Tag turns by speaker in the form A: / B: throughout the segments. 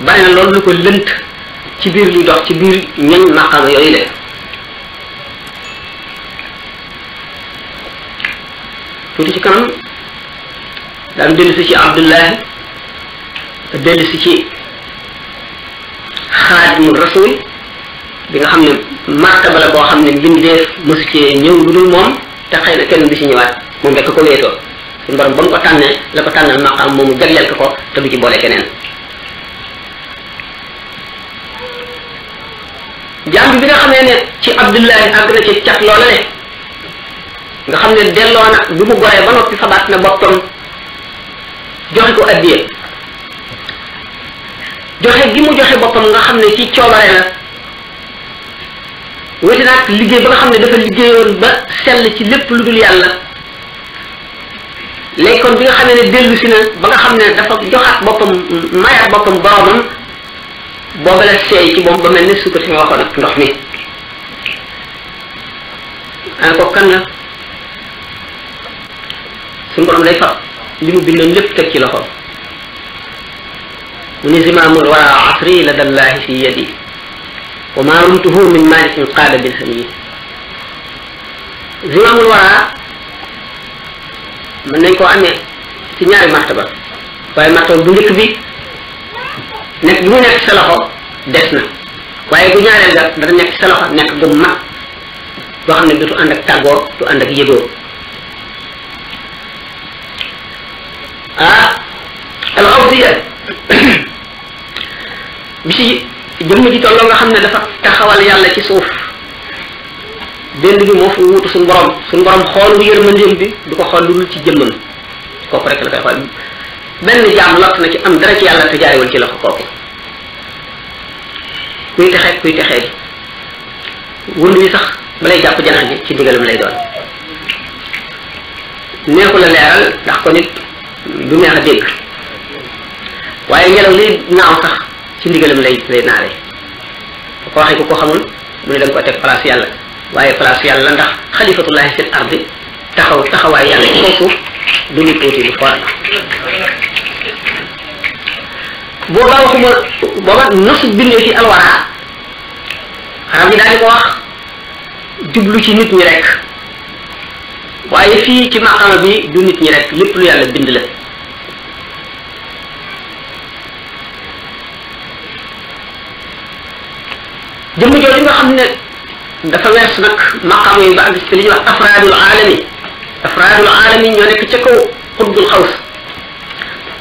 A: bari na loolu lu ko lënt ci biir luy dox ci biir ñañ maqaama yooyu la tuuti ci kanam daan dellu si ci abdullahi dellu si ci xaadimu rasul bi nga xam ne martaba la boo xam ne mbindeef mësu cee ñëw lu dul moom te xëy na kenn du si ñëwaat moom rekk ko wéetoo suñu borom ba mu ko tànnee la ko tànnal maqaam moomu jagleel ko ko te du ci boole keneen jàng bi nga xamee ne ci Abdullahi àgg na ci cat loola le nga xam ne delloo na bi mu goree ba noppi fabaat na boppam joxe ko addiye joxe bi mu joxe boppam nga xam ne ci coobare la wéti naag liggéey ba nga xam ne dafa liggéeyoon ba sell ci lépp lu dul yàlla léegi bi nga xam ne dellu si na ba nga xam ne dafa joxaat boppam mayaat boppam boromam booba la seey ci moom ba mel ne suukar si nga waxoon ak ndox mi ana ko kan la suñu borom day fab li mu bindoon lépp teg ci loxo mu ni zimaamul wara asri la dallahi fi yadi wa ma rumtuhu min malikin qaada bil hamiyi zimaamul wara mën nañ koo amee ci ñaari martaba waaye martaba bu njëkk bi nekk bu mu nekk sa des na waaye bu ñaareel ga dana nekk sa nekk bu mag boo xam ne du ànd ak tàggoo du ànd ak yëgoo ah al awdiya bi ci jëmm ji tolloo nga xam ne dafa taxawal yàlla ci suuf dend bi moo fi wuutu suñu borom suñu borom xool wu yërmandeem bi du ko xool lu dul ci jëmmam kooku rek la koy xool benn jaam lot na ci am dara ci yàlla te jaarewul ci loxo kooku kuy texee kuy texee wund wi sax ba lay jàpp janax ji ci ndigalam lay doon neexu la leeral ndax ko nit du neex a dégg waaye ngelaw li naaw sax ci ndigalam lay lay naawee ko waxe ko ko xamul mu ne da nga ko teg place yàlla waaye place yàlla ndax xalifatullahi fil ardi taxaw taxawaay yàlla ci kaw du nit uuti lu foor booba waxuma booba nosu bindee ci alwara arab yi daal di ko wax jublu ci nit ñi rek waaye fii ci maqama bi du nit ñi rek lépp lu yàlla bind la jëmm jooju nga xam ne dafa wees nag maqama yi ba àgg ci li ñuy wax afraadul aalami afraadul aalami ñoo nekk ca kaw xutbul xaws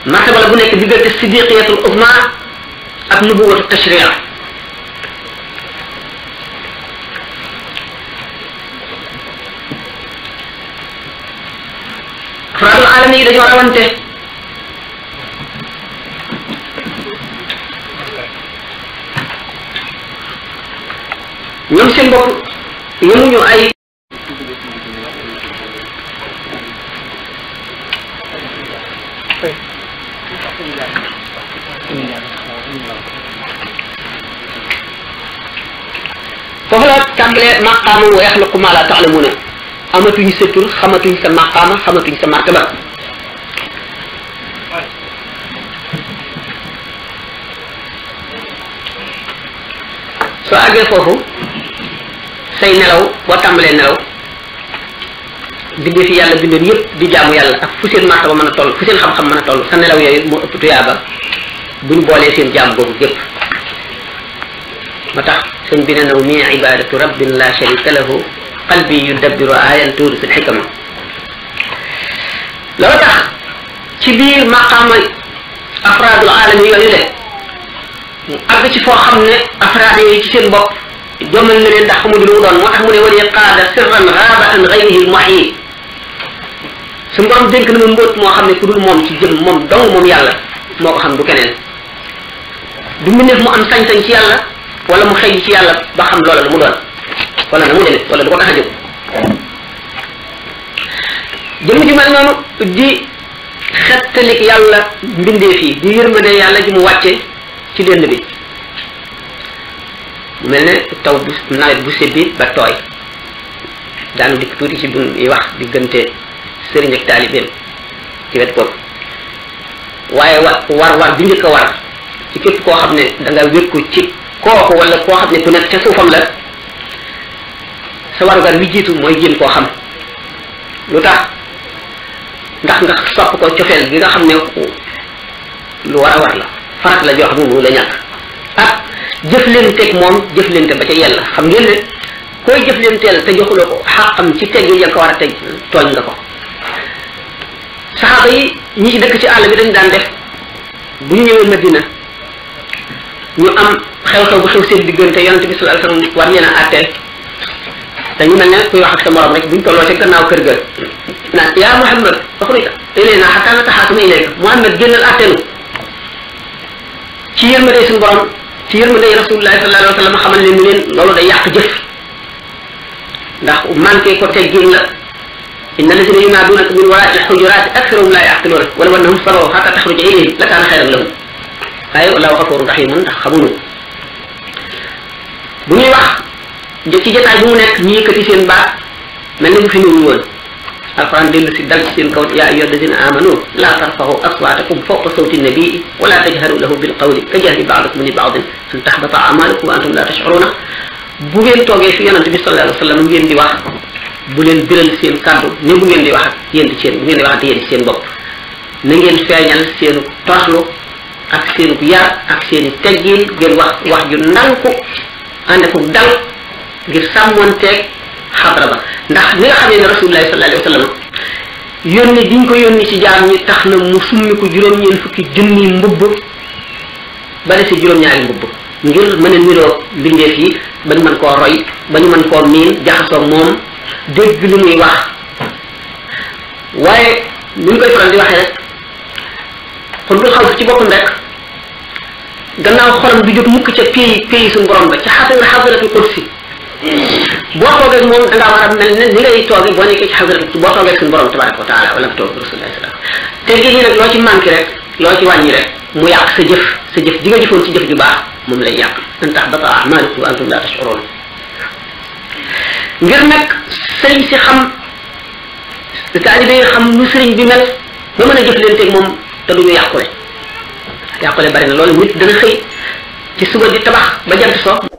A: martaba la bu nekk diggante sidiqiyatul uzma ak nubuwatu tashria afraadul alami yi dañoo rawante ñoom seen bopp yemuñu ay foofu la tàmbalee maqaama wa yaxluqu ma la taalamuuna amatuñ sa tur xamatuñ sa maqaama xamatuñ sa martaba soo àggee foofu say nelaw boo tàmbalee nelaw bindee fi yàlla bindeen yépp di jaamu yàlla ak fu seen martaba mën a toll fu seen xam-xam mën a toll sa nelaw yooyu moo ëpp tuyaaba buñ boolee seen jaam boobu yépp ma tax سن بنا نومي عبادة رب لا شريك له قلبي يدبر آية في الحكمة لو تخ كبير مقام أفراد العالم يقول لك أبقى تفو خمنا أفراد يكسين بق جمل لين عند حمود الوضع وحمود ولي قال سرا غابة غيره المحيي su borom denk na mboot moo xam ne ku dul moom ci jëm moom dong moom yàlla moo ko xam du keneen du mu wala mu xëy ci yàlla ba xam loola mu doon wala na mu demee wala du ko tax a jóg jëmm di xettalik yàlla mbindeef yi di yërmande yàlla ji mu wàcce ci dënd bi mel ne taw bu nawet bu sébbi ba tooy daanu dikk tuuti ci dun yi wax diggante sëriñ taalibeem ci wet kooku waaye wa war war bi njëkk war ci képp koo xam ne da nga ci kooku wala koo xam ne ku nekk ca suufam la sa warugar wi jiitu mooy jéem koo xam lu tax ndax nga sopp ko cofeel gi nga xam ne lu war a war la farat la jox xam ne mënu la ñàkk ak ah, jëflanteeg moom jëflante ba ca yàlla xam ngeen ne koy teel te joxuloo ko xaqam ci teg yi ya ko war a teg tooñ nga ko saxaaba yi ñi ci dëkk ci àll bi dañ daan def bu ñu ñëwee Madina ñu am xew-xew bu xew seen diggante yonente bi sallallahu alayhi wasallam war ñeena àtteel dañu mel ne kuy wax ak sa morom rek buñ tolloo ca gannaaw kër ga naan yaa muhammad waxuñu ilayna xataa na taxaatuma ilayka muhammad génnal àtteelu ci yërmande suñu borom ci yërmande rasulullah sallallahu alayhi wasallam xamal leen leen loolu day yàq jëf ndax manqué ko teggin la إن الذين ينادونك من وراء الحجرات أكثرهم لا يعقلون ولو أنهم صبروا حتى تخرج إليهم لكان خيرا لهم أيوة الله غفور رحيم خبونه bu ñuy wax ci jotaay bu mu nekk ñu mel ni bu fi ñëwul woon alquran dellu si dal ci seen kaw yaa ayyuha alladina amanu laa tarfahu aswaatakum fawqa sawti nabii wala tajharu lahu bil qawli ka jahri baadakum li baadin an tahbata amalukum wa antum la tashuruna bu ngeen toogee fi yonante bi sallallahu alayhi wa sallam ngeen di wax bu leen biral seen kàddu ne bu ngeen di wax ak yéen di seen bu ngeen di wax ak yéen di seen bopp na ngeen feeñal seenu toroxlu ak seenu yar ak seeni teggin ngeen wax wax ju ndànku ànd ko dal ngir sàmmonteeg xadra ba ndax ni nga xamee ne rasulullahi sallallahu alayhi wa sallam yónni diñ ko yónni ci jaam ñi tax na mu summi ko juróom-ñeent fukki junni mbubb ba dese juróom-ñaari mbubb ngir mën a niroo mbindeef ba ñu mën koo roy ba ñu mën koo miin jaxasoo moom dégg li muy wax waaye ni ñu koy faral di waxee rek xul bul xaw ci boppam rek gannaaw xolam du jot mukk ca pay pay sun borom ba ca xasal xasalatul kursi boo toogee moom da ngaa war a mel ne ni ngay toogee boo nekkee ci xasalatul boo toogee sun borom tabaraka wa taala wala nga toog rasulullahi salaam te gi nii nag loo ci manqué rek loo ci wàññi rek mu yàq sa jëf sa jëf ji nga jëfoon ci jëf ju baax moom lay yàq an tax bata amalukum ko antum la tashurun ngir nag sëriñ si xam taalibe yi xam nu sëriñ bi mel ba mën a jëflanteeg moom te du ñu duñu rek yàqule bari na loolu nit dana xëy ci suba di tabax ba jant so